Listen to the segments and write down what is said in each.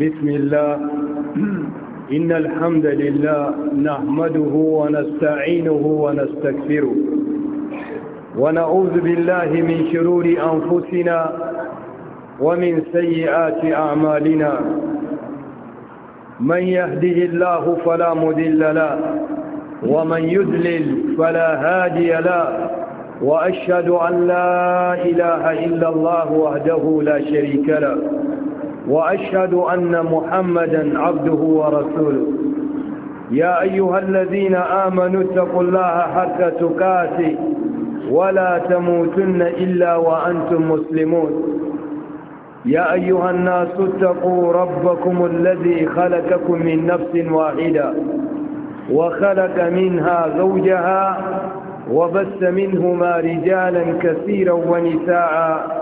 بسم الله إن الحمد لله نحمده ونستعينه ونستكفره ونعوذ بالله من شرور أنفسنا ومن سيئات أعمالنا من يهده الله فلا مذل له ومن يذلل فلا هادي له وأشهد أن لا إله إلا الله وحده لا شريك له وأشهد أن محمدا عبده ورسوله يا أيها الذين آمنوا اتقوا الله حتى تكاسي ولا تموتن إلا وأنتم مسلمون يا أيها الناس اتقوا ربكم الذي خلقكم من نفس واحدة وخلق منها زوجها وبث منهما رجالا كثيرا ونساء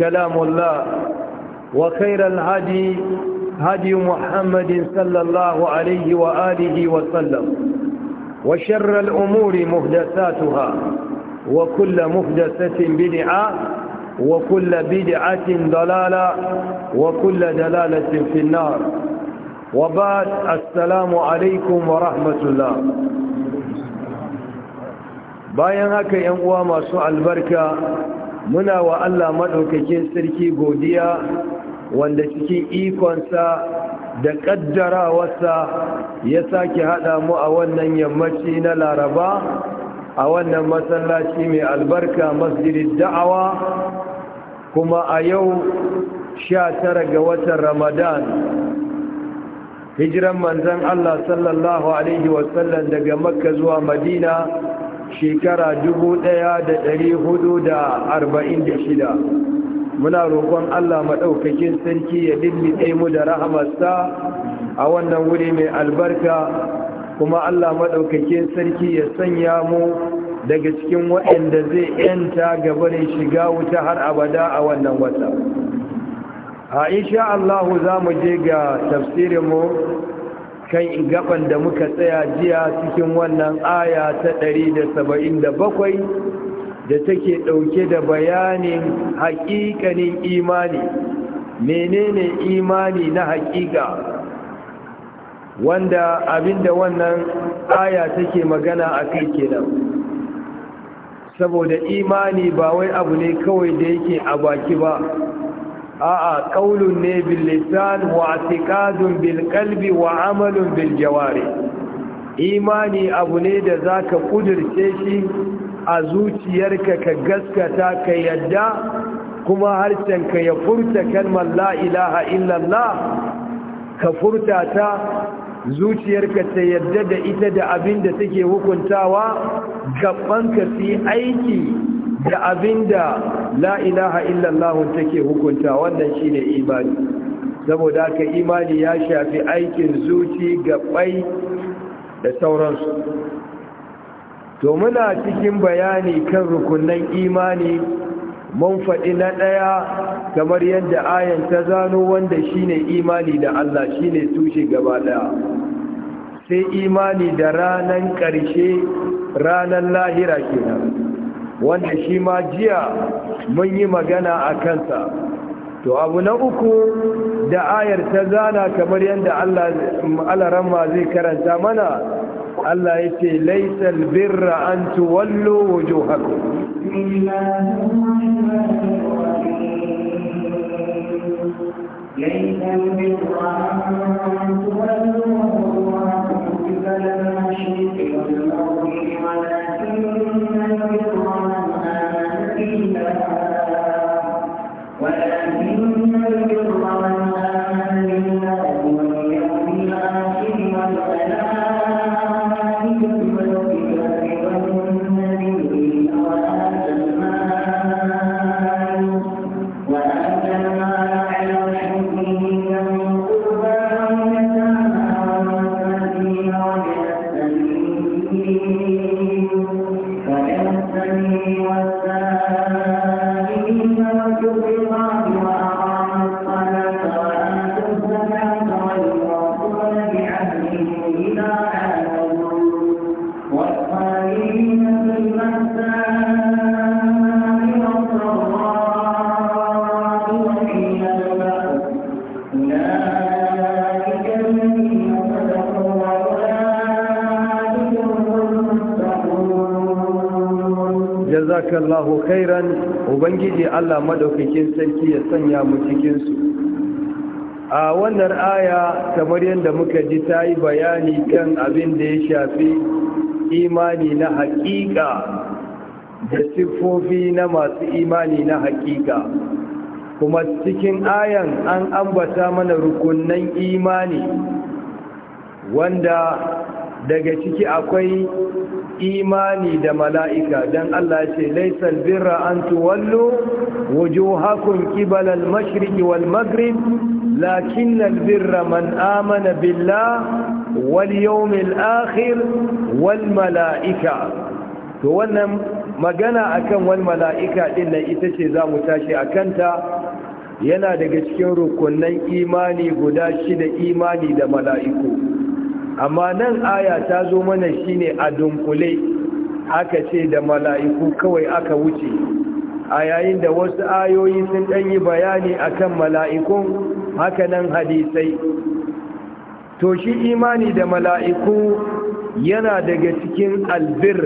كلام الله وخير الهدي هدي محمد صلى الله عليه وآله وسلم وشر الأمور مهدساتها وكل مهدسة بدعة وكل بدعة ضلالة وكل دلالة في النار وبعد السلام عليكم ورحمة الله bayan يا yan uwa masu muna wa Allah maɗaukakin sarki godiya wanda cikin ikonsa da ƙaddarawarsa ya sake haɗa mu a wannan yammaci na laraba a wannan masallaci mai albarka masjidin da'awa kuma a yau sha tara ga watan ramadan hijiran manzan Allah sallallahu Alaihi wasallam daga makka zuwa madina shekara dubu ɗaya da da da ɗari arba'in shida. muna roƙon Allah maɗaukakin sarki ya lulluɗe mu da rahamarsa a wannan wuri mai albarka kuma Allah maɗaukakin sarki ya sanya mu daga cikin waɗanda zai ‘yanta bari shiga wuta har abada a wannan wata. a insha Allahu za mu je ga tafsirinmu kan gaban da muka tsaya jiya cikin wannan aya ta ɗari da da take ɗauke da bayanin haƙiƙanin imani menene imani na haƙiƙa wanda abinda wannan aya take magana a kai kenan saboda imani ba wai abu ne kawai da yake a baki ba a'a qaulun ne bil lisan wa i'tiqadun bil qalbi wa amalun bil jawari imani abu ne da zaka kudirce shi a zuciyarka ka gaskata ka yadda kuma harshenka ya furta kalmar la ilaha illallah ka furta ta zuciyarka ta yadda da ita da abin da take hukuntawa gaban ka fi aiki da abinda la ilaha illallah take hukunta wannan shine imani saboda haka imani ya shafi aikin zuci gabai da sauransu to muna cikin bayani kan rukunan imani mun faɗi na ɗaya kamar yadda ayan ta zano wanda shine imani da Allah shine tushe gaba ɗaya sai imani da ranan ƙarshe ranan lahira kenan wanda shi ma jiya mun yi magana a kansa to abu na uku da ayar ta zana kamar yadda Allah zai karanta mana Allah ya ce laisal birra an tuwallo wujuhakum ليس Thank you. ubangiji allah madaukakin sarki ya sanya mu cikinsu a wannan aya kamar yadda muka ji ta yi bayani kan abin da ya shafi imani na haƙiƙa da siffofi na masu imani na haƙiƙa kuma cikin ayan an ambata mana rukunan imani wanda daga ciki akwai imani da mala'ika don Allah ce laisar birra an tuwallo wujuhakum hakun kibalar mashriqi wal maghrib lakin al-birra man amana billah wal yawmil akhir wal mala'ika to wannan magana akan wal mala'ika din nan ita ce za mu tashi kanta yana daga cikin rukunan imani guda shida imani da mala'iku amma nan aya ta zo mana shine a dunkule aka ce da mala'iku kawai aka wuce a yayin da wasu ayoyi sun ɗan yi bayani kan mala'ikun hakanan hadisai to shi imani da mala'iku yana daga cikin albir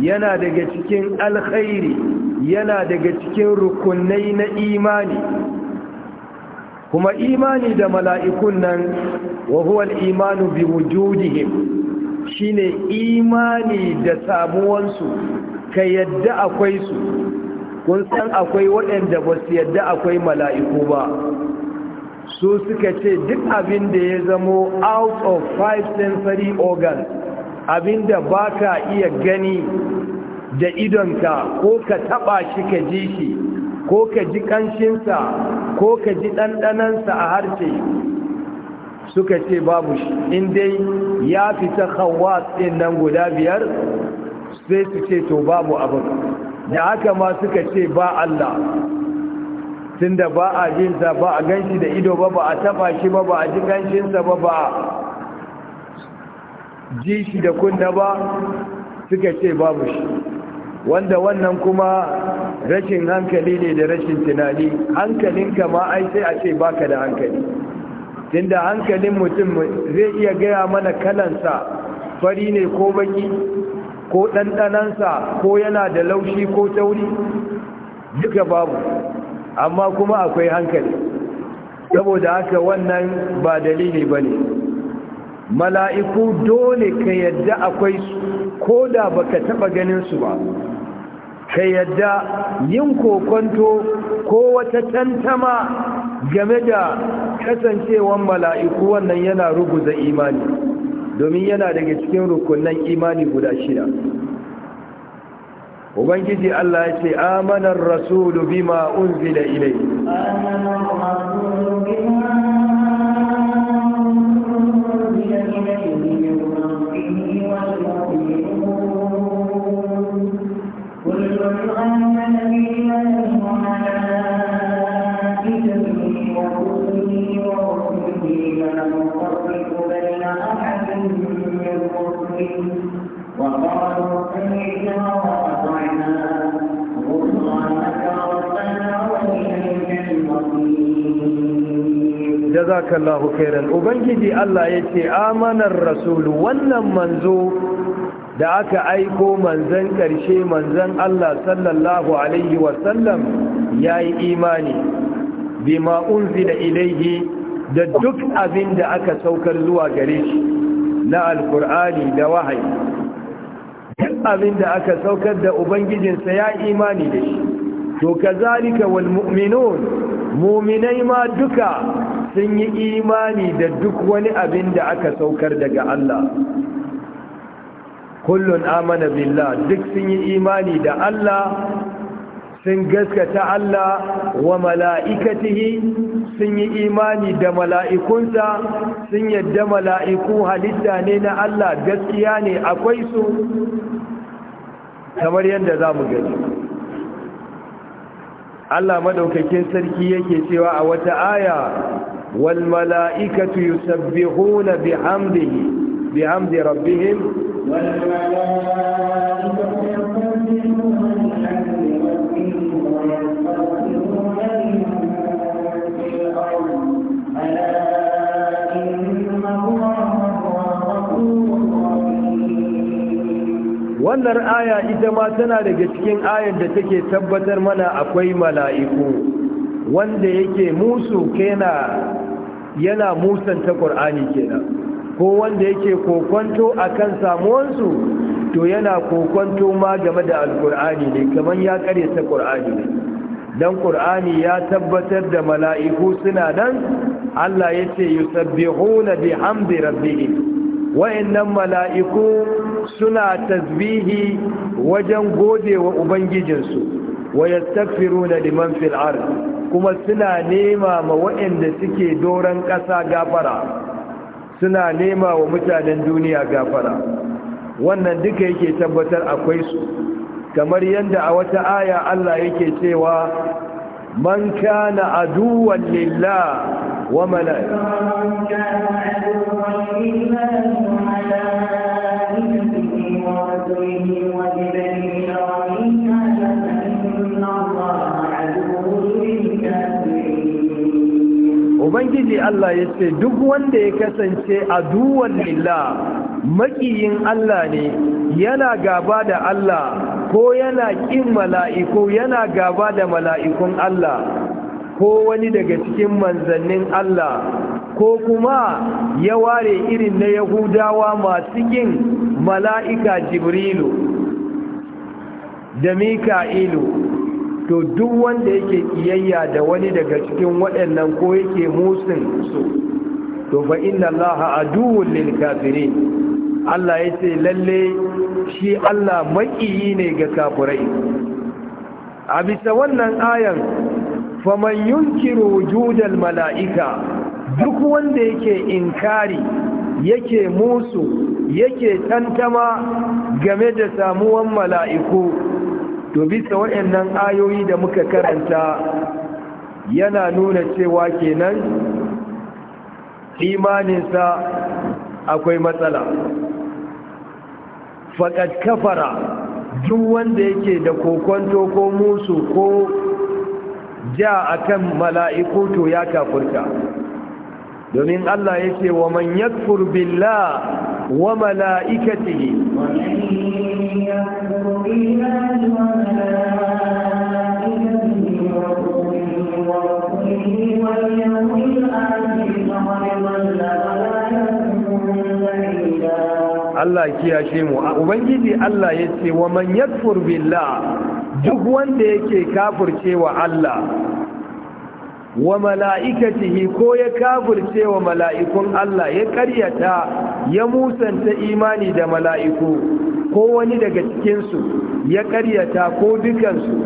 yana daga cikin alkhairi yana daga cikin rukunai na imani kuma imani da mala'ikun nan wa huwa al-imanu bi wujudihim shine imani da sabuwansu, ka yadda akwai su kun san akwai waɗanda ba su yadda akwai mala'iku ba su suka ce duk abin da ya zamo out of five sensory organs abin da baka iya gani da idonka ko ka taɓa shi ka ji shi ko ka ji ƙanshinsa ko ka ji sa a harce suka ce babu shi in dai ya fita khawat din nan guda biyar sai su ce to babu abin da haka ma suka ce ba Allah tunda ba a sa ba a ganshi da ido ba ba a taba shi ba ba a ji ganshinsa ba ba ji shi da kunna ba suka ce babu shi wanda wannan kuma rashin hankali ne da rashin tunani hankalinka ma ai sai a ce baka da hankali Inda hankalin mutum zai iya gaya mana kalansa fari ne ko baki ko ɗanɗanansa ko yana da laushi ko tauri duka babu amma kuma akwai hankali saboda haka wannan ba dalili ba ne mala'iku dole ka yadda akwai ko da baka ka ganin su ba ka yadda yin kokonto ko wata tantama game da kasancewan mala'iku wannan yana ruguza imani domin yana daga cikin rukunan imani guda shida ubangiji Allah ya ce amanar rasulu bima unzila ilai. amanar rasulu bima Thank ilai. وقالوا سيدنا وأطعنا غفرانك ربنا وإليك المصير جزاك الله خيرا وبنجدي الله يتي آمن الرسول ونن منزو دا أيكو منزن كرشي منزن الله صلى الله عليه وسلم يا إيماني بما أنزل إليه دا دك أبين دا سوكر زوا كرشي na alkur'ani da wahayi duk abin da aka saukar da ubangijinsa ya imani da shi to kazalika wal mu'minun mu'minai ma duka sun yi imani da duk wani abin da aka saukar daga Allah kullun amana billah duk sun yi imani da Allah sun gaskata Allah wa mala'ikatihi sun yi imani da mala'ikunsa sun yadda mala'iku halitta ne na Allah gaskiya ne akwai su kamar yadda za mu gani Allah madaukakin sarki yake cewa a wata aya wal mala'ikatu yusabbihuna bihamdihi bihamdi rabbihim wal mala'ikatu yusabbihuna bihamdihi wannan aya ita ma tana daga cikin ayar da take tabbatar mana akwai mala'iku wanda yake musu kena yana musanta ƙur'ani kenan ko wanda yake kokonto akan samuwansu to yana kokonto ma game da alkur'ani ne kamar ya ta kur'ani ne don kur'ani ya tabbatar da mala'iku suna nan allah ya ce yi sabbihu na bi hamdi wa'annan mala'iku suna tasbihi wajen gode wa ubangijinsu wa yastaghfiru na liman fil ard kuma suna nema ma wa'anda suke doron ƙasa gafara suna nema wa mutanen duniya gafara wannan duka yake tabbatar akwai su kamar yadda a wata aya Allah yake cewa man kana aduwan lillah wa malaikatihi wa rasulihi wa jibril wa Ubangiji Allah ya ce duk wanda ya kasance a duwan lillah makiyin Allah ne yana gaba da Allah ko yana ƙin mala'iku yana gaba da mala'ikun Allah ko wani daga cikin manzannin Allah ko kuma ya ware irin na Yahudawa masu ƙin mala'ika Jibrilu da Mika'ilu to duk wanda yake kiyayya da wani daga cikin waɗannan ko yake musin su to fa inna Allah ha’adu kafirin Allah ya ce lalle shi Allah maƙiyi ne ga kafurai. a bisa wannan ayan faman yunkiru wujudal mala'ika duk wanda yake inkari yake musu yake tantama game da samuwan mala'iku to bisa waɗannan ayoyi da muka karanta yana nuna cewa kenan imaninsa akwai matsala faƙad kafara duk wanda yake da kokonto ko musu ko ja akan mala'iku to ya kafurta domin Allah ya ce wa man yakfur billah wa mala'ikatihi وَالْيَوْمِ Allah kiyashe mu ubangiji Allah ya ce wa man yakfur billah duk wanda yake kafircewa Allah wa mala'ikatihi ko ya kafirce wa mala'ikun Allah ya karyata ya musanta imani da mala'iku ko wani daga cikinsu ya karyata ko dukansu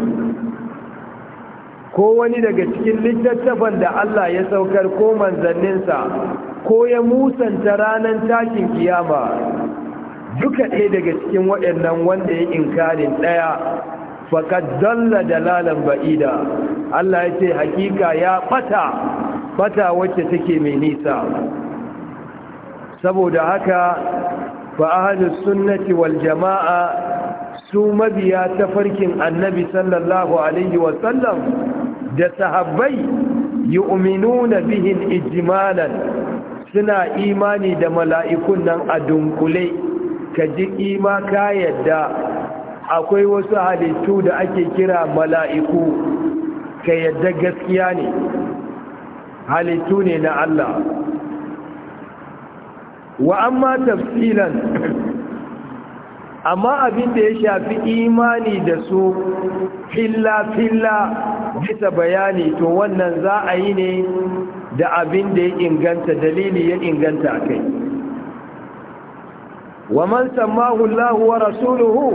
ko wani daga cikin littattafan da Allah ya saukar ko manzanninsa ko ya musanta ranar takin kiyama duka ɗaya daga cikin waɗannan wanda ya inkarin ɗaya fakat dalla dalalan ba'ida Allah ya ce hakika ya ɓata bata wacce take mai nisa saboda haka fa'ahalus sunnati wal jama'a su mabiya ta farkin annabi sallallahu alaihi wasallam da sahabbai yu'minuna bihin ijmalan suna imani da mala'ikun nan a dunkule ka ji ima ka yadda akwai wasu halittu da ake kira mala'iku ka yadda gaskiya ne halittu ne na Allah wa amma tafsilan amma abin da ya shafi imani da su filla-filla bisa bayani to wannan za a yi ne da abin da ya inganta dalili ya inganta a kai wa man sammahu Allah wa rasuluhu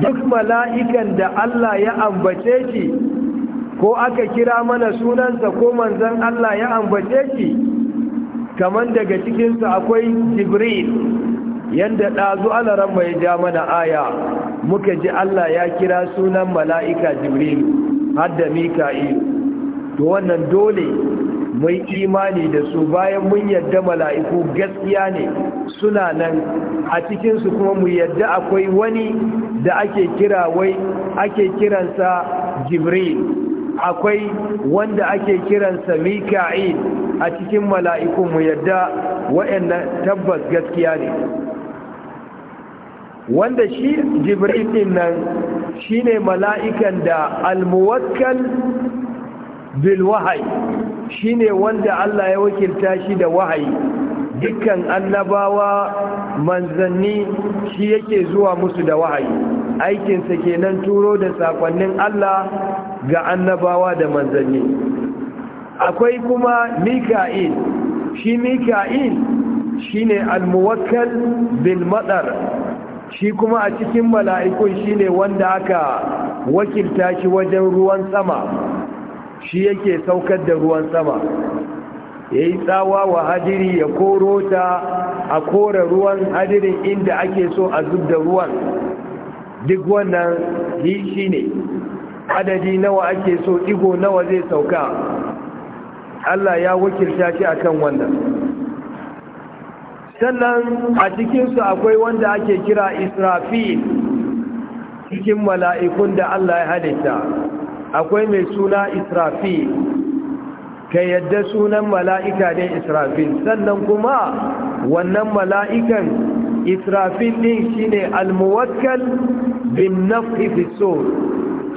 duk mala'ikan da Allah ya ambace shi ko aka kira mana sunansa ko manzon Allah ya ambace shi kaman daga cikinsa akwai Jibril yanda ɗazu alaran mai ja mana aya muka ji Allah ya kira sunan mala'ika Jibril har da Mika'ilu to wannan dole mun imani da su bayan mun yadda mala'iku gaskiya ne suna nan a cikinsu kuma mu yadda akwai wani da ake kira wai ake kiransa jibril akwai wanda ake kiransa mika'il a cikin mala'iku mu yadda waɗannan tabbas gaskiya ne wanda shi jibril din nan ne mala'ikan da almuwakkal bil wahai shine wanda Allah ya wakilta shi da Wahai. dukkan annabawa manzanni shi yake zuwa musu da wahayi aikinsa kenan turo da sakonnin Allah ga annabawa da manzanni akwai kuma mika'il shi mika'il shine almuwakkal bil madar shi kuma a cikin mala'ikun shine wanda aka wakilta shi wajen ruwan sama shi yake saukar da ruwan sama ya yi tsawa wa hadiri ya koro ta a kore ruwan hadirin inda ake so a zub da ruwan duk wannan yi shi ne adadi nawa ake so Igo nawa zai sauka Allah ya wakilta shi akan wannan sannan a cikinsu akwai wanda ake kira israfi cikin mala'ikun da Allah ya halitta akwai mai suna israfi ka yadda sunan mala'ika ne israfil sannan kuma wannan mala'ikan israfil ɗin shine almuwakkal bin naf'i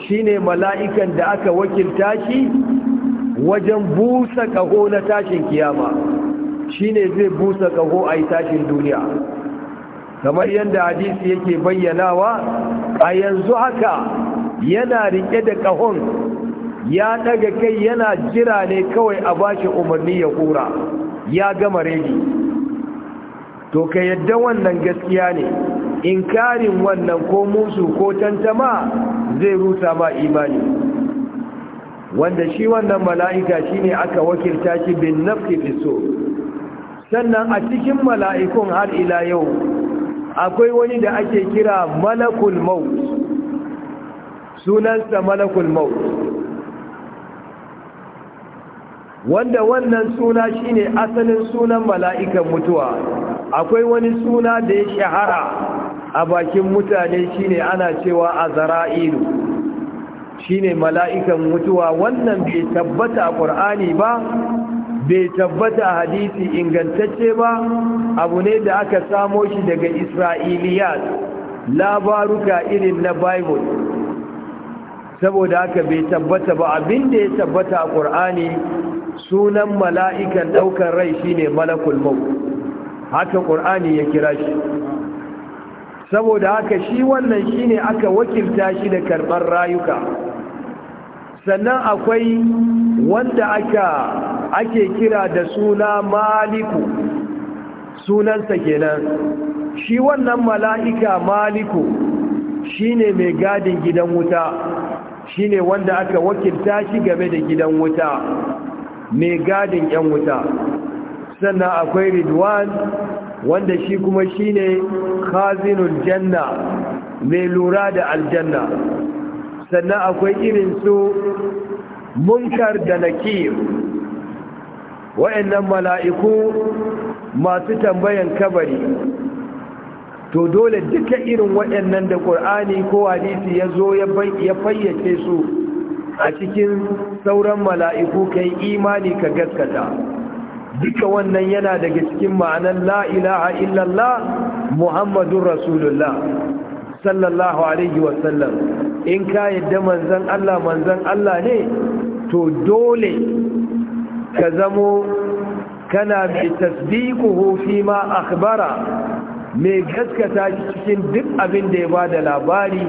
shine mala'ikan da aka wakilta shi wajen busa ƙaho na tashin kiyama shine zai busa ƙaho a tashin duniya kamar yadda hadisi yake bayyanawa a yanzu haka yana rike da kahon ya daga kai yana jira ne kawai a bashi umarni ya kura ya gama regi to ka yadda wannan gaskiya ne inkarin wannan ko musu ko tantama zai rusa ma imani wanda shi wannan mala'ika shine aka wakilta shi bin nafsi fiso sannan a cikin mala'ikun har ila yau akwai wani da ake kira malakul maut sunansa malakul maut wanda wannan suna shine asalin sunan mala'ikan mutuwa akwai wani suna da ya shahara a bakin mutane shine ana cewa azra'ilu shine mala'ikan mutuwa wannan bai tabbata a qur'ani ba bai tabbata a hadisi ingantacce ba abu ne da aka samo shi daga isra'iliyat labaruka irin na bible saboda haka bai tabbata ba abinda ya tabbata a ƙur'ani sunan mala'ikan ɗaukar rai shine malakul maut haka ƙur'ani ya kira shi saboda haka shi wannan shine aka wakilta shi da karɓar rayuka sannan akwai wanda aka ake kira da suna maliku sunansa kenan shi wannan mala'ika maliku shine mai gadin gidan wuta shine wanda aka wakilta shi game da gidan wuta mai gadin yan wuta sannan akwai ridwan wanda shi kuma shine khazinul janna mai lura da aljanna sannan akwai irin su munkar da nakir wa'annan mala'iku masu tambayan kabari to dole duka irin waɗannan da ƙur'ani ko hadisi ya zo ya fayyace su a cikin sauran mala'iku kai imani ka gaskata duka wannan yana daga cikin ma'anar la'ilaha illallah muhammadun rasulullah sallallahu alaihi wasallam in ka yadda manzan Allah manzan Allah ne to dole ka zamo kana bi tasdiquhu fi ma akhbara mai gaskata cikin duk abin da ya ba da labari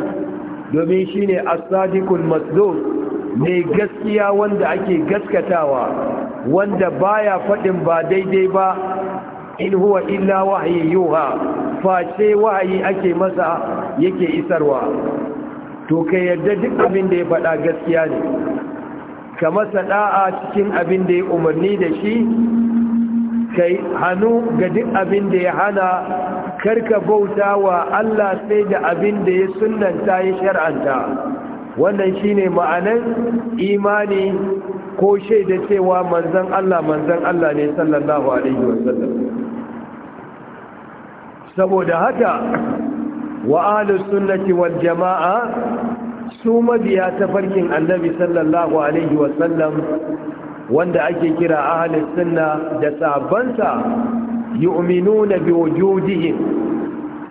domin shi ne asadikul masdo mai gaskiya wanda ake gaskatawa wanda baya faɗin ba daidai ba in huwa illa wahayi yuha face wahayi ake masa yake isarwa to ka yarda duk abin da ya faɗa gaskiya ne ka masa ɗa'a cikin abin da ya umarni da shi ka hannu ga duk abin da ya hana karka bauta wa Allah sai da abin da ya sunanta ya shar'anta wannan shine ma'anan imani ko shaida cewa manzon Allah manzon Allah ne sallallahu alaihi wasallam saboda haka wa ahlus sunnati wal jamaa su mabiya ta farkin annabi sallallahu alaihi wasallam wanda ake kira ahlus sunna da sabansa yu'minuna bi wujudihim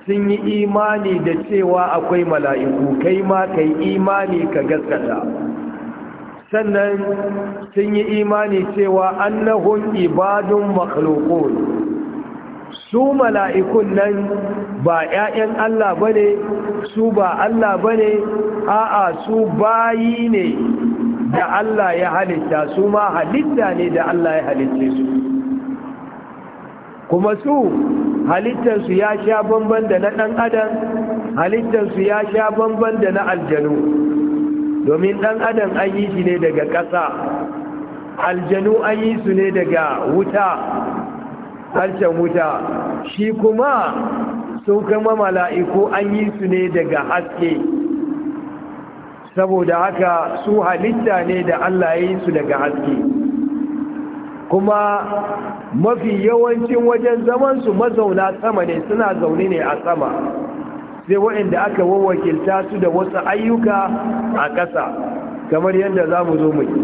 sun yi imani da cewa akwai mala'iku kai ma kai imani ka gaskata sannan sun yi imani cewa annahun ibadun makhluqun su mala'ikun nan ba ‘ya'yan Allah bane su ba Allah bane a'a su bayi ne da Allah ya halitta su ma halitta ne da Allah ya halitta su kuma su halittarsu ya sha bamban da na ɗan adam halittarsu ya sha bamban da na aljanu domin ɗan adam an yi shi ne daga ƙasa aljanu an yi su ne daga wuta harshen wuta shi kuma sun kama mala'iku an yi su ne daga haske saboda haka su halitta ne da Allah ya yi su daga haske kuma mafi yawancin wajen zamansu mazauna sama ne suna zaune ne a sama sai waɗanda aka wawakilta su da wasu ayyuka a ƙasa kamar yadda za mu zo muke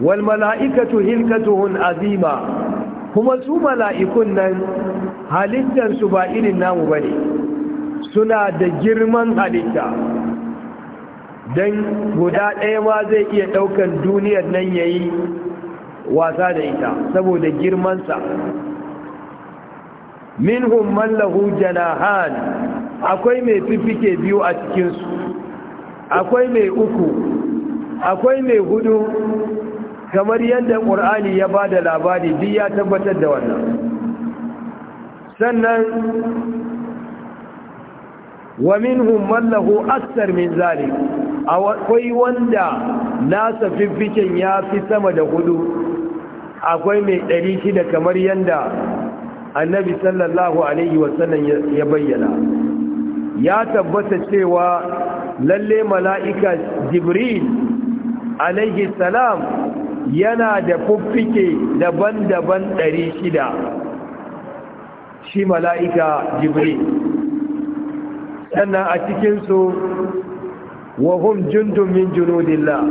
wal mala'ikatu hilkatuhun azima kuma su mala'ikun nan halittarsu ba irin namu bane suna da girman halitta don guda ɗaya ma zai iya ɗaukan duniyar nan ya yi wasa da ita saboda girmansa minhum mallahu lahu janahan akwai mai fifike biyu a cikinsu akwai mai uku akwai mai hudu kamar yadda ƙur'ani ya ba da labari duk ya tabbatar da wannan sannan wa minhum man lahu akthar min zalik akwai wanda nasa fifficen ya fi sama da hudu akwai mai ɗari shida kamar yanda annabi sallallahu alaihi wasallam ya bayyana ya tabbata cewa lalle mala'ika jibril alaihi salam yana da fuffike daban-daban ɗari shida shi mala'ika jibril sannan a cikinsu wahum jundun min junudillah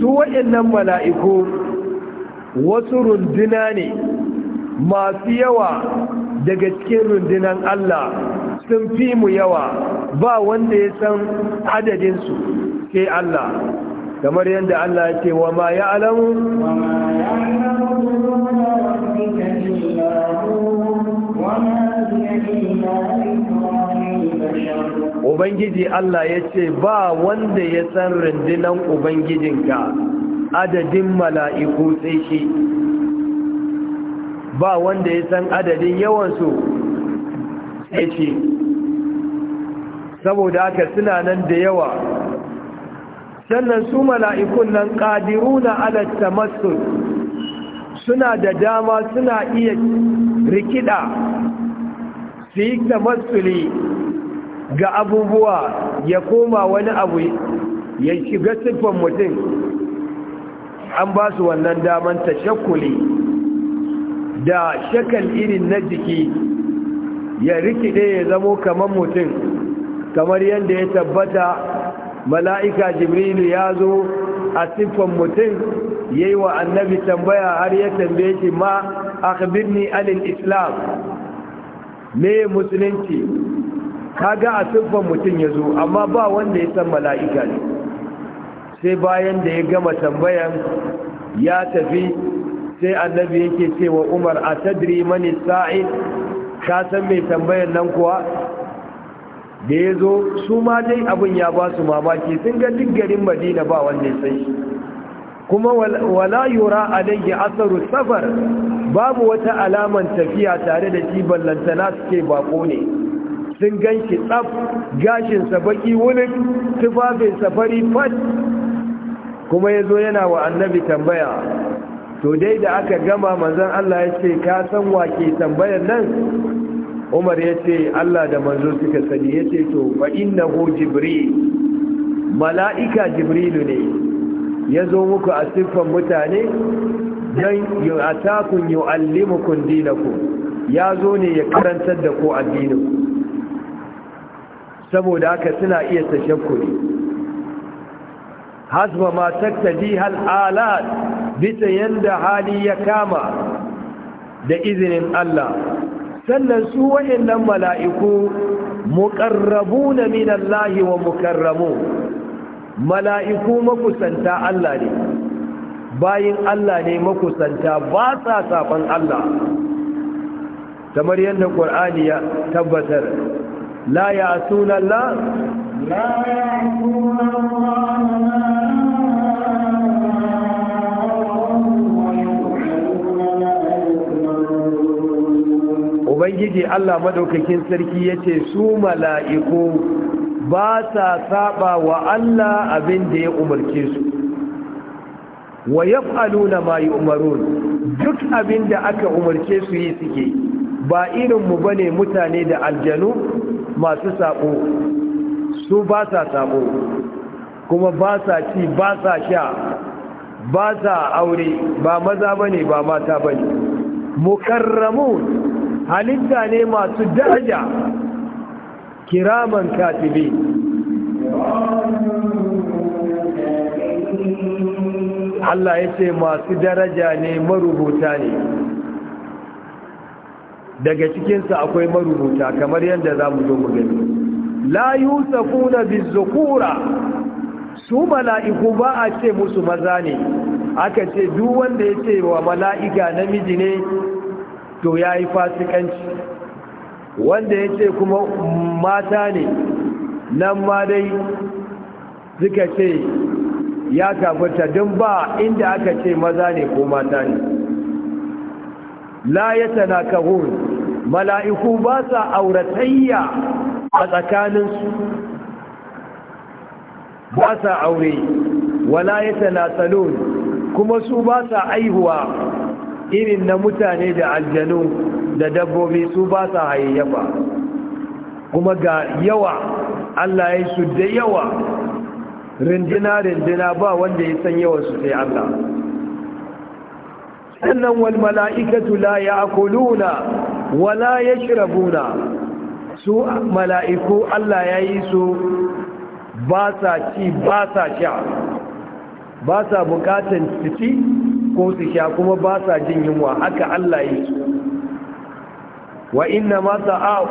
su waɗannan mala'iku wasu runduna ne masu yawa daga cikin rundunan Allah sun fi mu yawa ba wanda ya san adadinsu sai Allah kamar yadda Allah ya ce wa ma ya alamu wa ma ya alamu ubangiji Allah ya ce ba wanda ya san rundunan ubangijinka adadin mala'iku sai shi ba wanda ya san adadin yawansu sai shi saboda haka suna nan da yawa sannan su mala'ikun nan Ƙadiru na alatta masu suna da dama suna iya rikida su yi masu ga abubuwa ya koma wani abu ya shiga siffan mutum an ba su wannan daman ta shakuli da shakal irin na jiki ya rikide ya zamo kamar mutum kamar yadda ya tabbata mala'ika jibrilu ya zo a siffan mutum ya yi wa annabi tambaya har ya tambaye shi ma akbirni alil islam me musulunci kaga a siffan mutum ya zo amma ba wanda ya san mala'ika ne sai bayan da ya gama tambayan ya tafi sai annabi yake cewa umar a tadri mani sa'id ka san mai tambayan nan kuwa da ya zo su ma dai abin ya ba su mamaki sun ga duk garin madina ba wanda ya san shi kuma wala yura ya asaru safar babu wata alaman tafiya tare da shi ballantana suke bako ne sun gan shi tsaf gashinsa baki wunin tufafinsa fari fat kuma ya zo yana wa annabi tambaya to dai da aka gama manzon Allah ya ce ka san wake tambayar nan umar ya ce Allah da manzo suka sani ya ce to fa innahu jibril mala'ika jibrilu ne ya zo muku a siffan mutane don yi takun yi allimukun dinaku ya zo ne ya karantar da ku addinin saboda haka suna iya tashakkuri hasba ma taktaji hal alat bisa yanda hali ya kama da izinin Allah sannan su wayannan mala'iku muqarrabuna min Allah wa mukarramu mala'iku makusanta Allah ne bayin Allah ne makusanta ba sa saban Allah kamar yadda Qur'ani ya tabbatar لا يعصون الله لا يعصون Ubangiji Allah madaukakin sarki yace su mala'iku ba sa saba wa Allah abin da ya umarce su wa yaf'aluna ma yu'marun duk abin da aka umarce su yi suke ba irin mu bane mutane da aljanu masu sabo su ba sa sabo kuma ba sa ci ba sa sha ba sa aure ba maza ba ne ba mata ba ne mukarramun halitta ne masu daraja kiraman katibi Allah ya ce masu daraja ne marubuta ne daga cikinsa akwai marubuta kamar yadda za mu zo mu gani la yusafuna bizukura su mala'iku ba a ce musu maza ne aka ce duk wanda ya ce wa mala'ika namiji ne to ya yi fasikanci wanda ya ce kuma mata ne nan ma dai suka ce ya kafirta don ba inda aka ce maza ne ko mata ne la ya tana mala'iku ba sa auratayya a tsakaninsu ba sa aure wala ya talatalon kuma su ba sa aihuwa irin na mutane da aljanu da dabbobi su ba sa hayayyafa kuma ga yawa Allah ya su da yawa rindina-rindina ba wanda ya san yawansu sai Allah sannan wal mala'ikatu la ya akuluna wala ya shirabuna su mala'iku Allah ya yi su ba sa ci ba sa sha ba sa bukatan su ci ko su sha kuma ba sa jin yunwa haka Allah ya yi su wa inna ma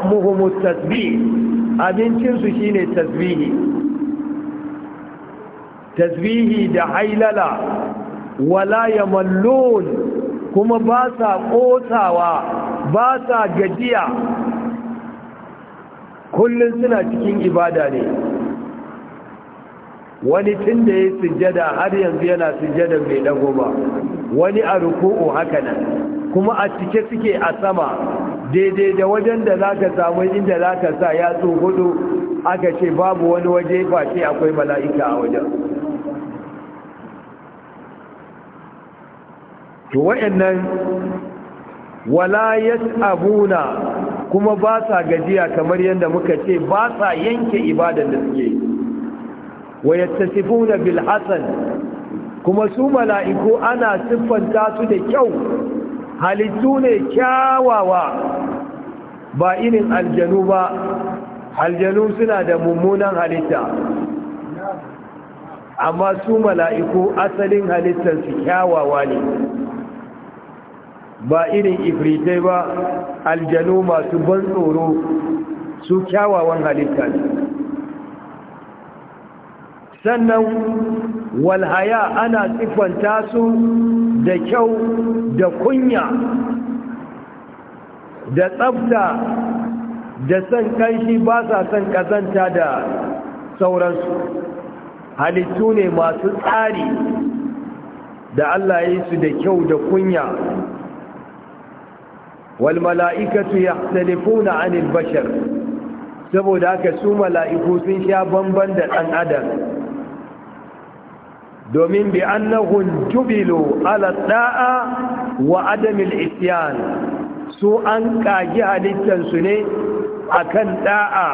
muhimmu tasbi abincinsu shi ne tasbihi tasbihi da hailala wala ya mallon kuma ba sa ƙosawa ba sa gajiya kullum suna cikin ibada ne wani tun da ya sujjada har yanzu yana sujjada mai dago ba wani a ruku'u haka nan kuma a cike suke a sama daidai da wajen da za ka samu inda za ka sa yatsu hudu aka ce babu wani waje ba ce akwai mala'ika a wajen to wa'annan wala abuna kuma ba sa gajiya kamar yadda muka ce ba sa yanke ibadan da suke wa yattasifuna bil hasan kuma su mala'iku ana siffanta su da kyau halittu ne kyawawa ba irin aljanu ba aljanu suna da mummunan halitta amma su mala'iku asalin halittarsu kyawawa ne ba irin ifritai ba aljanu masu ban tsoro su kyawawan halitta ne sannan walhaya ana tsifanta su da kyau da kunya da tsafta da san kanshi ba sa son kazanta da sauransu halittu ne masu tsari da Allah ya yi su da kyau da kunya walmala'ikatu ya yahtalifuna 'anil bashar saboda haka su mala'iku sun sha bamban da ɗan adam domin bi annahun jubilu ala da'a wa adamil isyan su an ƙagi halittansu ne akan da'a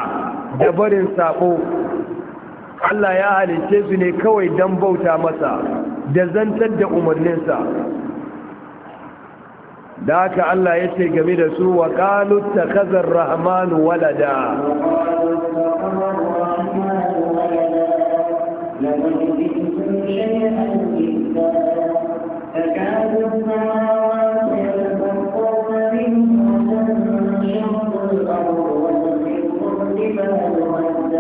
da barin saƙo Allah ya halitte su ne kawai don bauta masa da zantar da umarninsa da haka Allah ya ce game da su wa qalu takhazar rahman walada لَنَجِدَنَّ شَيْئًا مِنْ ذَلِكَ السَّمَاوَاتُ يَنْفَضْنَ مِنْهُ وَتَنْشَقُّ الْأَرْضُ وَالْأَرْضُ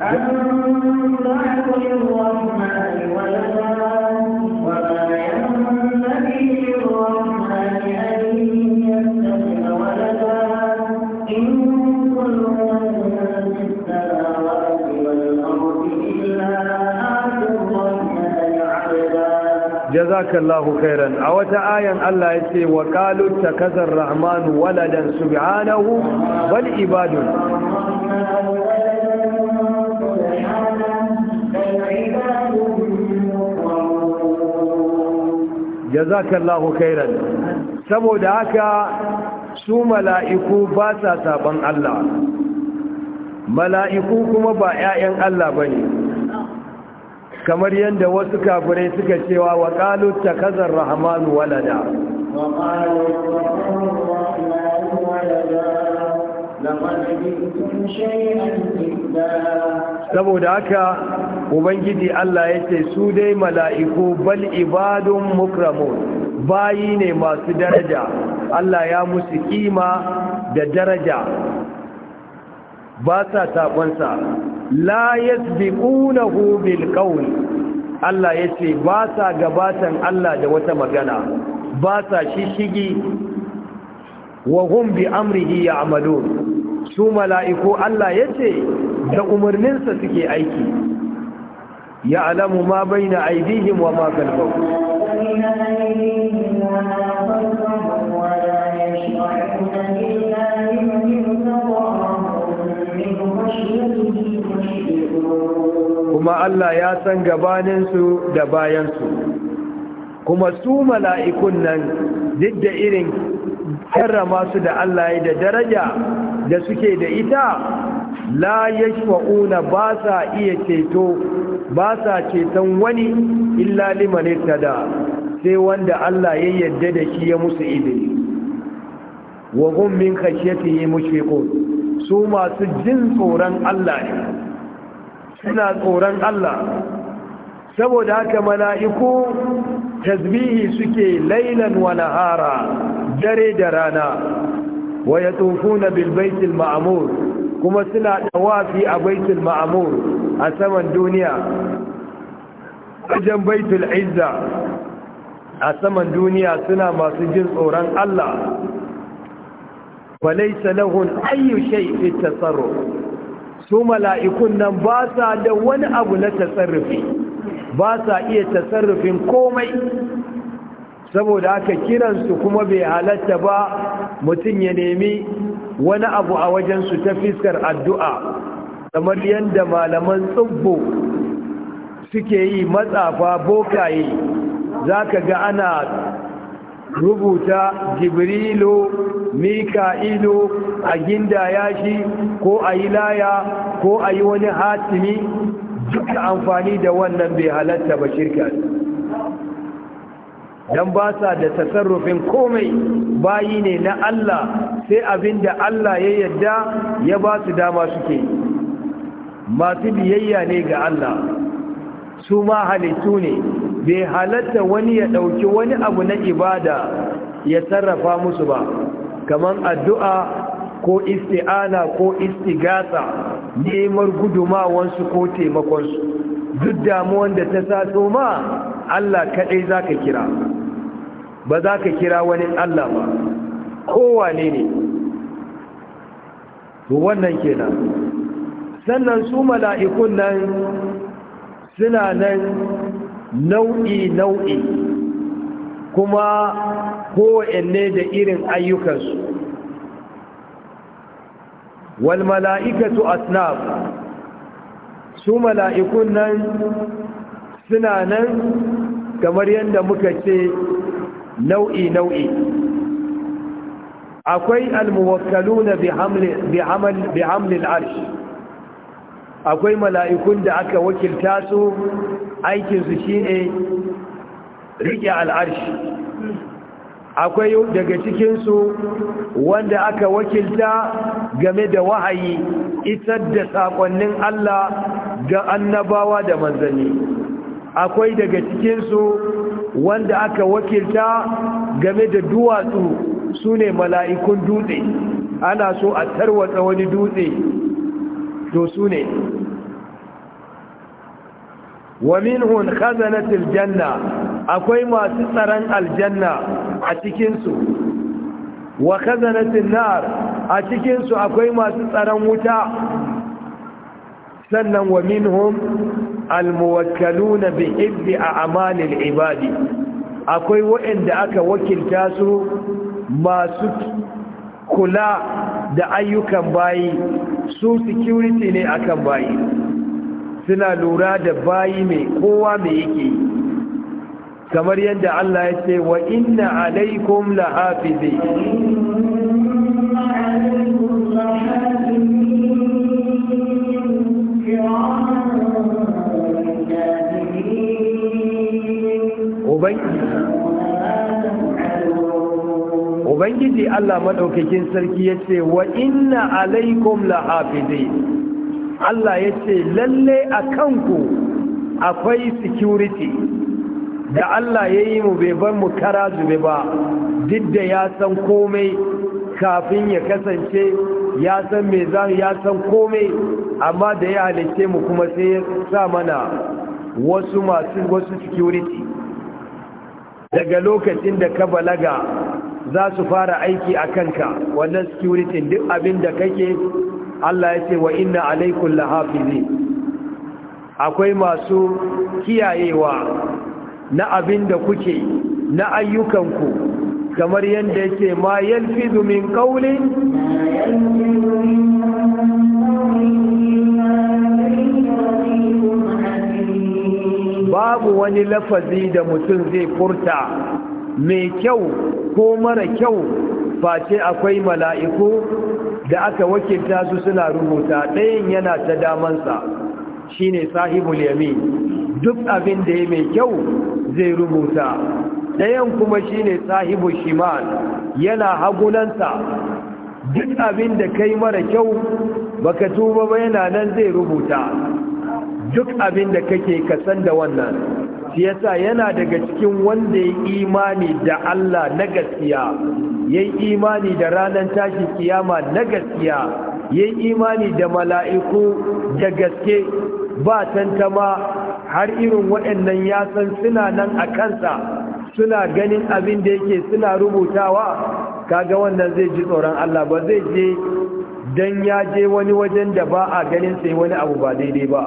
تَمُدُّ jazakallahu khairan a wata ayan Allah ya ce wa qalu takazar rahmanu waladan subhanahu wal ibadun jazakallahu khairan saboda haka su mala'iku ba sa saban Allah mala'iku kuma ba 'ya'yan Allah bane kamar yadda wasu kafirai suka cewa wa qalu takazar rahmanu walada saboda haka ubangiji Allah ya ce su dai mala'iku bal ibadun mukramun bayi ne masu daraja Allah ya musu kima da daraja ba sa sa la yasbiqunahu bil qawl Allah yace ba sa gabatan Allah da wata magana ba sa shishigi wa bi amrihi ya'malun su mala'iku Allah yace da umarninsa suke aiki ya'lamu ma baina aydihim wa ma wa kuma Allah ya san gabaninsu da bayansu kuma su mala'ikun nan duk da irin karrama su da Allah ya da daraja da suke da ita la yashfa'una ba sa iya ceto ba sa ceton wani illa liman tada sai wanda Allah ya yarda da shi ya musu izini wa hum min khashyatihi mushfiqun su masu jin tsoron Allah ne suna tsoron Allah saboda haka mala'iku tasbihi suke lailan wa nahara dare da rana wa yatufuna na baitil ma'amur kuma suna ɗawafi a baitul ma'amur a saman duniya wajen baitul izza a saman duniya suna masu jin tsoron Allah wa laysa lahum ayyu shay'in tasarruf su mala'ikun nan ba sa da wani abu na tasarrufi ba sa iya tasarrufin komai saboda haka kiransu kuma bai halatta ba mutum ya nemi wani abu a wajensu ta fiskar addu'a kamar yadda malaman tsubbo suke yi matsafa bokaye za ka ga ana rubuta jibrilu mika'ilu a gindaya shi ko a yi laya ko a yi wani hatimi duka amfani da wannan bai halatta ba shirka don ba sa da tasarrufin komai bayi ne na Allah sai abin da Allah ya yadda ya ba su dama suke masu biyayya ne ga Allah su ma halittu ne bai halatta wani ya ɗauki wani abu na ibada ya sarrafa musu ba kamar addu'a ko isti'ana ko istigasa neman gudumawansu ko taimakonsu duk damuwan da ta sato ma Allah kaɗai za ka kira ba za ka kira wani Allah ba wane ne wannan kenan sannan su mala'ikun nan suna nan nau'i nau'i kuma kowanne da irin ayyukansu wal mala'ikatu asnaf su mala'ikun nan suna nan kamar yadda muka ce nau'i nau'i akwai almuwakkaluna na hamlil arsh akwai mala'ikun da aka wakilta su aikinsu shi ne riƙe al'arshi akwai daga cikinsu wanda aka wakilta game da wahayi itar da saƙonnin Allah ga annabawa da manzanni akwai daga cikinsu wanda aka wakilta game da duwatsu su ne mala'ikun dutse ana so a tarwatsa wani dutse to su ne wa minhum khazanatil janna akwai masu tsaron aljanna a cikin su wa khazanatin nar a cikin akwai masu tsaron wuta sannan wa minhum na bi a a'malil ibadi akwai waɗanda aka wakilta su masu kula da ayyukan bayi su security ne akan bayi suna lura da bayi mai kowa mai yake kamar yadda Allah ya ce wa inna alaikum hafizi Ubangiji Allah maɗaukakin sarki ya ce wa inna alaikum lahafizi Allah ya ce lalle a kanku akwai security da Allah ya yi mu bai bar mu kara zube ba duk da ya san komai kafin ya kasance ya san me za ya san komai amma da ya halice mu kuma sai ya sa mana wasu masu wasu security daga lokacin da ka balaga za su fara aiki a kanka wannan security duk abin da kake Allah ya ce wa inna alaikun lahafizi akwai masu kiyayewa na abin da kuke na ayyukanku kamar yadda yake ma yalfizu min kaulin? babu wani lafazi da mutum zai furta mai kyau ko mara kyau face akwai mala'iku da aka wakilta su suna rubuta ɗayan yana ta damansa shi ne sahibul yamin duk abin da ya mai kyau zai rubuta ɗayan kuma shi ne sahibul shimal yana hagunansa duk abin da kai mara kyau baka tuba ba yana nan zai rubuta duk abin da kake kasan da wannan shi yasa yana daga cikin wanda ya imani da Allah na gaskiya ya imani da ranar tashi kiyama na gaskiya ya imani da mala'iku da gaske ba tantama har irin waɗannan ya san suna nan a kansa suna ganin abin da yake suna rubutawa kaga wannan zai ji tsoron Allah ba zai je don ya je wani wajen da ba a ganin sai wani abu ba daidai ba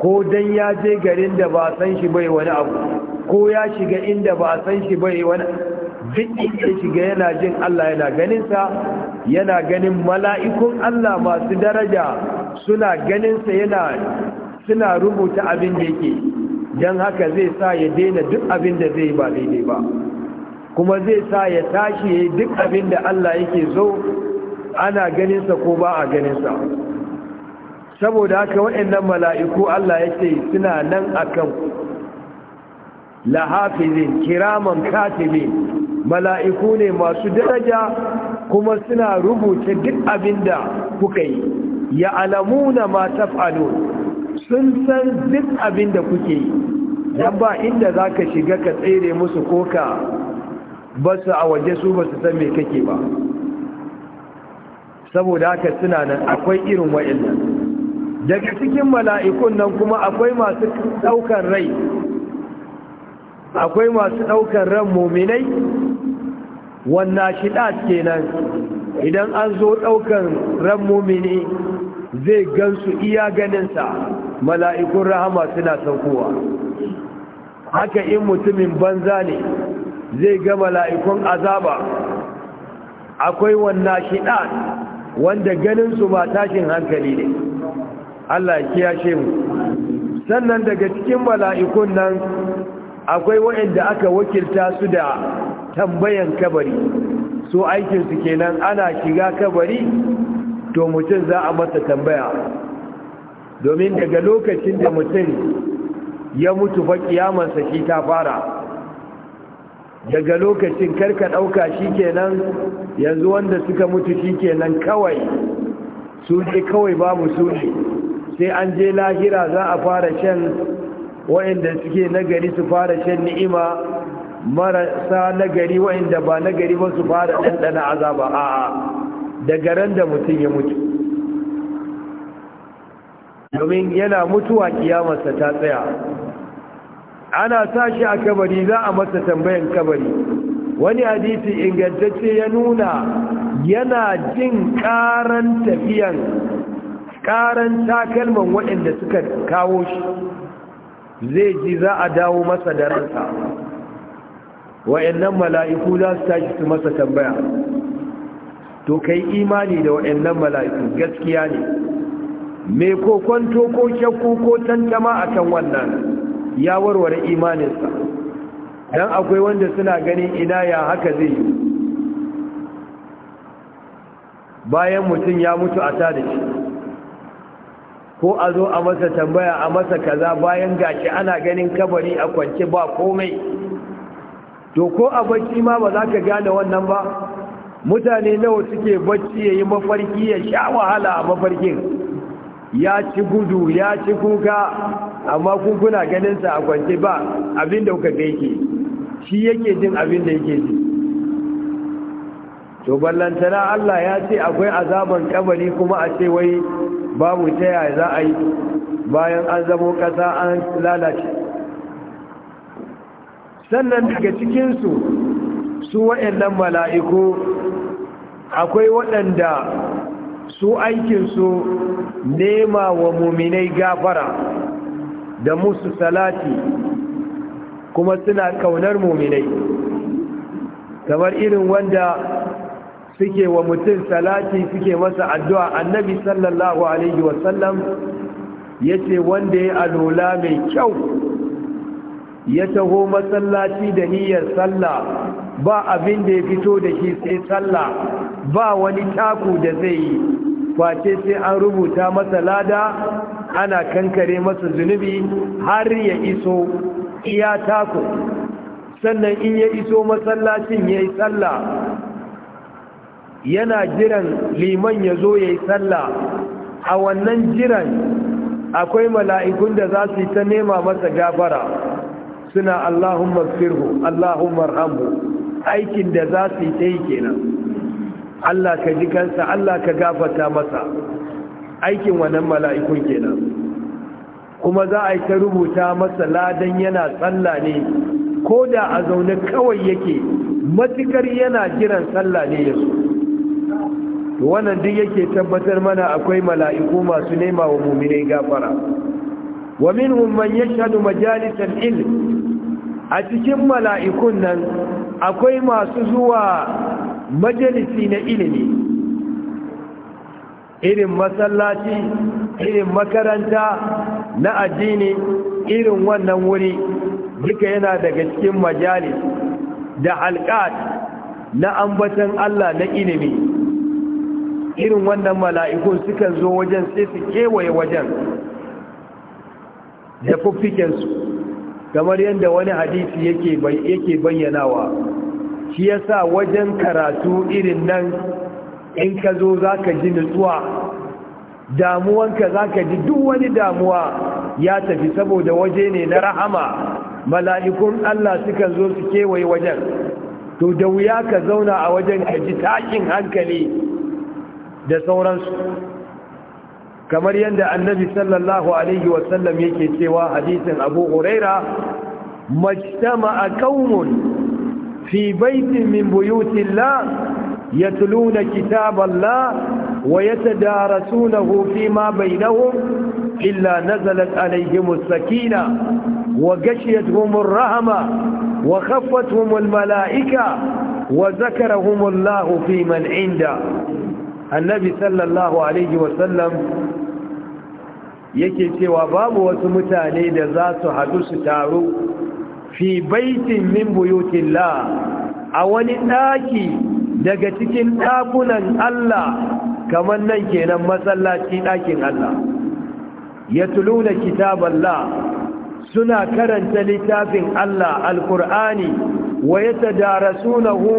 ko dan ya je garin da ba san shi bai wani abu ko ya shiga inda ba san shi bai wani duk inda shiga yana jin Allah yana ganin sa yana ganin mala'ikun Allah masu daraja suna ganin sa yana suna rubuta abin da yake dan haka zai sa ya daina duk abin da zai ba daidai ba kuma zai sa ya tashi duk abin da Allah yake zo ana ganin sa ko ba a ganin sa saboda haka waɗannan mala'iku Allah ya ce suna nan a kan lahafizin kiraman katibi mala'iku ne masu daraja kuma suna rubuta duk abin da kuka yi ya alamuna ma taf'alun sun san duk abin da kuke yi dan ba inda za ka shiga ka tsere musu ko ka basu a waje su basu san me kake ba saboda haka suna nan akwai irin wa'in daga cikin mala'ikun nan kuma akwai masu ɗaukar rai akwai masu ɗaukar ran mominai wannan shiɗa kenan idan an zo ɗaukar ran mumini zai gansu iya ganinsa mala'ikun rahama suna saukowa haka in mutumin banza ne zai ga mala'ikun azaba akwai wannan wanda ganinsu ba tashin hankali ne Allah ya kiyashe mu sannan daga cikin mala'ikun nan akwai waɗanda aka wakilta su da tambayan kabari su aikinsu kenan ana shiga kabari to mutum za a masa tambaya domin daga lokacin da mutum ya mutu fa kiyamansa shi ta fara daga lokacin karka ɗauka shi kenan yanzu wanda suka mutu shi kenan kawai su ne kawai babu su ne sai an je lahira za a fara shan wa'inda suke nagari su fara shan ni'ima marasa nagari wa'inda ba nagari ba su fara ɗanɗana azaba a'a daga ran da mutum ya mutu domin yana mutuwa kiyamarsa ta tsaya ana tashi a kabari za a masa tambayan kabari wani hadisi ingantacce ya nuna yana jin ƙaran tafiyan ƙaran takalman waɗanda suka kawo shi zai ji za a dawo masa da ransa waɗannan mala'iku za su tashi su masa tambaya to kai imani da waɗannan mala'iku gaskiya ne mai kokwanto ko shakku ko tantama a kan wannan ya warware imaninsa don akwai wanda suna ganin ina ya haka zai yi bayan mutum ya mutu a tada shi ko a zo a masa tambaya a masa kaza bayan gashi ana ganin kabari a kwance ba komai to ko a bacci ma ba za ka gane wannan ba mutane nawa suke bacci ya yi mafarki ya sha wahala a mafarkin ya ci gudu ya ci kuka amma kuna ganinsa a kwance ba abin da kuka yake. shi yake jin abin da yake ji to ballantana Allah ya ce akwai azaban kabari kuma a ce wai babu ta yaya za a yi bayan an zamo ƙasa an lalace sannan daga cikinsu su waɗannan mala'iku akwai waɗanda su aikinsu nema wa muminai gafara da musu salati kuma suna kaunar muminai kamar irin wanda suke wa mutum salati suke masa addu'a annabi sallallahu alaihi wasallam ya ce wanda ya alola mai kyau ya taho masallaci da niyyar sallah ba abin da ya fito da shi sai sallah ba wani taku da zai yi face sai an rubuta masa lada ana kankare masa zunubi har ya iso iya taku sannan in ya iso masallacin ya yi sallah yana jiran liman ya zo ya yi sallah a wannan jiran akwai mala'ikun da za su yi ta nema masa gafara suna Allahumma firhu Allahumma rahamhu aikin da za su yi ta yi kenan Allah ka ji kansa Allah ka gafata masa aikin wannan mala'ikun kenan kuma za a yi ta rubuta masa ladan yana tsalla ne ko da a zaune kawai yake matukar yana jiran tsalla ne ya to wannan duk yake tabbatar mana akwai mala'iku masu nema wa gafara wa minhum man yashhadu majalisal ilm a cikin mala'ikun nan akwai masu zuwa majalisi na ilimi irin masallaci irin makaranta na addini irin wannan wuri duka yana daga cikin majalis da halqat na ambatan Allah na ilimi irin wannan mala'ikun sukan zo wajen sai su kewaye wajen da fuffikensu kamar yadda wani hadisi yake bayyanawa shi ya sa wajen karatu irin nan in ka zo za ka ji nutsuwa damuwanka za ka ji duk wani damuwa ya tafi saboda waje ne na rahama mala'ikun Allah suka zo su kewaye wajen to da wuya ka zauna a wajen ka ji takin hankali da sauransu kamar yadda annabi sallallahu alaihi wasallam yake cewa hadisin abu huraira majtama'a qaumun fi baitin min ya tuluna kitaballah wa yatadarasunahu bai nahu, illa nazalat alaihimus sakina wa humun rahma wa humun malaika wa zakarahumullahu man inda annabi sallallahu alaihi wasallam yake cewa babu wasu mutane da za su haɗu su taru fi baitin min buyutillah a wani ɗaki daga cikin ɗakunan Allah kamar nan kenan masallaci ɗakin Allah ya tuluna kitaballah suna karanta littafin Allah alkur'ani wa ya tadarasunahu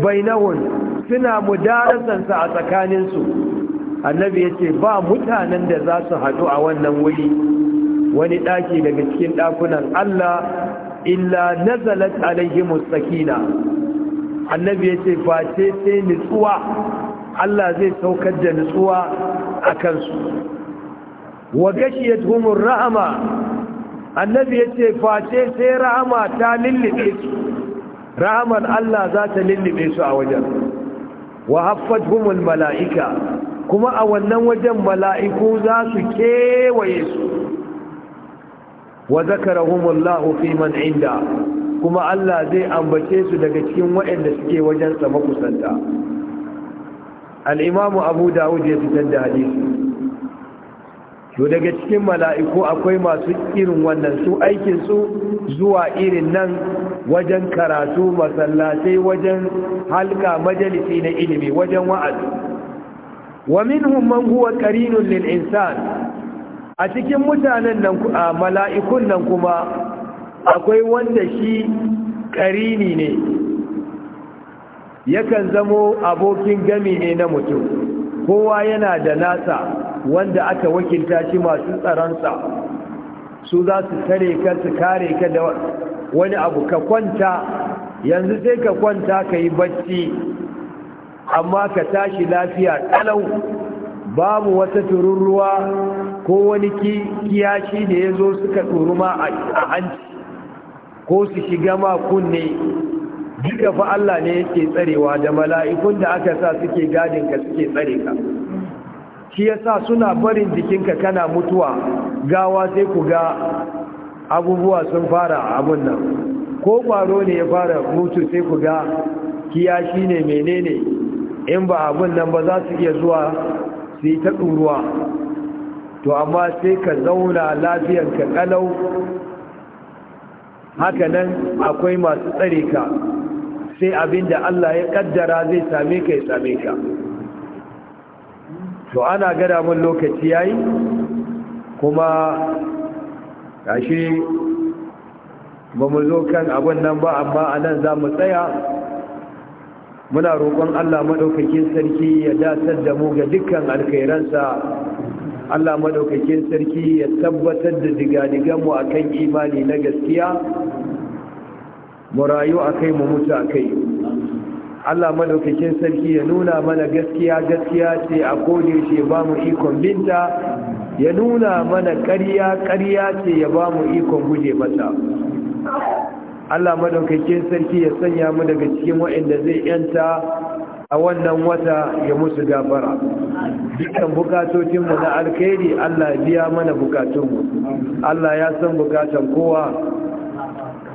bainahun suna mudarasansa a tsakaninsu annabi ya ce ba mutanen da za su hadu a wannan wuri wani ɗaki daga cikin ɗakunan Allah illa nazalat alaihi mustaqina annabi ya ce face sai nutsuwa Allah zai saukar da nutsuwa a kansu wa gashiyat humur rahama annabi ya ce face sai rahama ta lullube su rahamar Allah za ta lullube su a wajen wa humul mala'ika kuma a wannan wajen mala'iku za su kewaye su wa zakarahumullahu fi man inda kuma Allah zai ambace su daga cikin waɗanda suke wajen sa makusanta al Abu Dawud ya fitar da hadisi to daga cikin mala'iku akwai masu irin wannan su aikin su zuwa irin nan wajen karatu masallatai wajen halka majalisi na ilimi wajen wa'azi wa minhum man huwa qarinun lil insan a cikin mutanen nan mala'ikun nan kuma akwai wanda shi qarini ne yakan zamo abokin gami ne na mutum kowa yana da nasa wanda aka wakilta shi masu sa su za su tare ka su kare ka da wani abu ka kwanta yanzu sai ka kwanta ka yi bacci amma ka tashi lafiya ƙalau babu wata tururuwa ko wani kiyashi da ya zo suka turuma a hanci ko su shiga ma kunne duka fa Allah ne yake tsarewa da mala'ikun da aka sa suke gadin ka suke tsare ka shi yasa suna barin jikinka kana mutuwa gawa sai ku ga abubuwa sun fara abun nan ko kwaro ne ya fara mutu sai ku ga kiyashi ne menene in ba abun nan ba za su iya zuwa su yi ta ɗuruwa to amma sai ka zauna lafiyanka ƙalau haka nan akwai masu tsare ka sai abin da Allah ya ƙaddara zai same ka ya same ka to ana gada mun lokaci yayi kuma kashi ba mu zo kan abin nan ba amma a nan za mu tsaya muna roƙon allah maɗaukakin sarki ya datar da mu ga dukkan alkhairansa allah maɗaukakin sarki ya tabbatar da digadiganmu a kan imani na gaskiya mu rayu a kai mu mutu a kai Allah maɗaukakin sarki ya nuna mana gaskiya gaskiya ce a kodin ce ba mu ikon binta ya nuna mana ƙarya ƙarya ce ya ba mu ikon guje mata Allah madaukakin sarki ya sanya mu daga cikin waɗanda zai yanta a wannan wata ya musu gafara dukkan bukatocinmu na alkhairi Allah biya mana bukatunmu Allah ya san bukatan kowa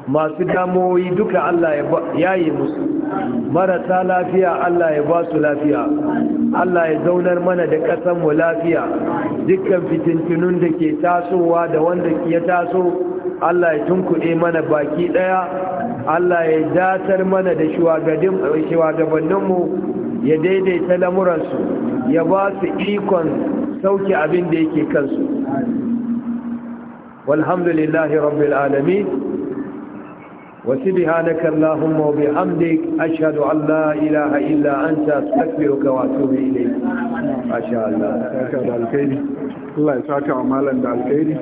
masu damoyi duka Allah ya yi musu marasa lafiya Allah ya ba su lafiya Allah ya zaunar mana da ƙasar mu lafiya dukkan fitintunun da ke tasowa da wanda ya taso Allah ya tunkuɗe mana baki ɗaya Allah ya datar mana da shugabanninmu ya daidaita lamuransu ya ba su ikon sauke abin da yake kansu walhamdulillahi rabbil alamin وسبحانك اللهم وبحمدك أشهد أن لا إله إلا أنت أستكبرك وأتوب إليك ما شاء الله Allah ya saka wa malam da alkhairi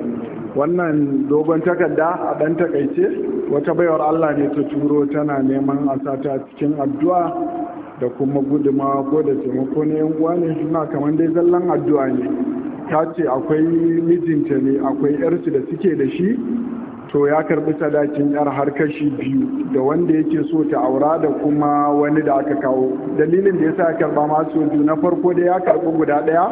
wannan dogon takarda a ɗan takaice wata baiwar Allah ne ta turo tana neman a sata cikin addu'a da kuma guduma ko da taimako na yan uwa ne suna kamar dai zallan addu'a ne ta ce akwai mijinta ne akwai yarsu da suke da shi to ya karbi sadakin yar har kashi biyu da wanda yake so ta aura da kuma wani da aka kawo dalilin da yasa ya karba masu biyu na farko da ya karbi guda daya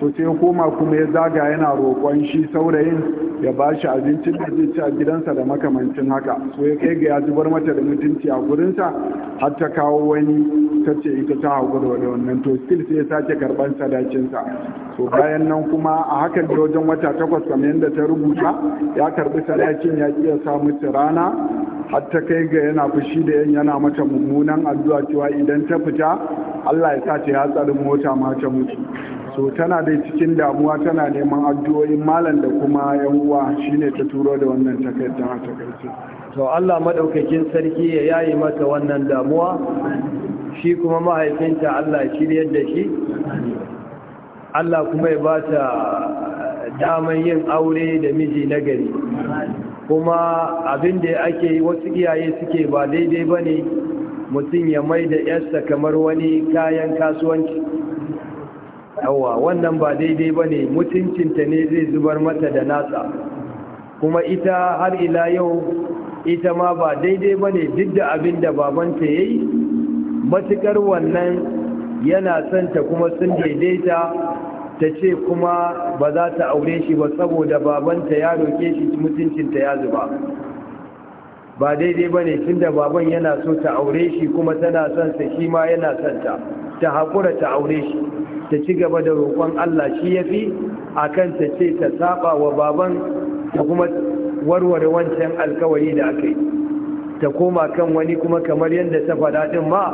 so sai koma kuma ya zaga yana roƙon shi saurayin ya ba shi abincin da zai ci a gidansa da makamancin haka so ya kai ga ya zubar mata da mutunci a gurinsa har ta kawo wani ta ce ita ta hagu da wani wannan to still sai ya sake karban sadakinsa to bayan nan kuma a hakan da wajen wata takwas kamar yadda ta rubuta ya karbi sadakin ya iya samu rana har ta kai ga yana fushi da yan yana mata mummunan addu'a cewa idan ta fita Allah ya sa ta ya tsarin mota ma ta mutu so tana dai cikin damuwa tana neman addu'o'in malam da kuma yan uwa shine ta turo da wannan takaitan a takaice to Allah madaukakin sarki ya yayi mata wannan damuwa shi kuma mahaifinta Allah shiryar da shi Allah kuma ya ba ta daman yin aure da miji na gari kuma abin da ake wasu iyaye suke ba daidai ba ne mutum ya mai da yarsa kamar wani kayan kasuwanci yawa wannan ba daidai ba ne mutuncinta ne zai zubar mata da nasa kuma ita har ila yau ita ma ba daidai ba ne duk da abin da babanta ya yi matukar wannan yana son ta kuma sun daidaita ta ce kuma ba za ta aure shi ba saboda babanta ya roke shi mutuncinta ya zuba ba daidai ba ne tun da baban yana so ta aure shi kuma tana son sa shi ma yana son ta ta haƙura ta aure shi ta ci gaba da roƙon Allah shi ya fi a kan ta ce ta saba wa baban ta kuma warware wancan alkawari da aka yi ta koma kan wani kuma kamar yadda ta faɗaɗin ma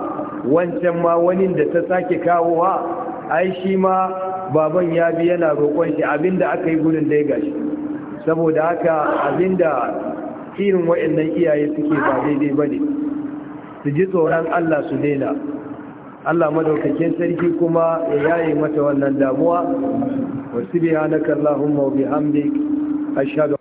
wancan ma wani da ta sake kawowa ai shi ma baban ya bi yana roƙon shi abinda aka yi gudun dai gashi saboda haka abinda irin waɗannan iyaye suke ba daidai ba ne su ji tsoron Allah su daina Allah madaukakin sarki kuma ya yaye mata wannan damuwa wasu biya na kallahun mawabi hamdi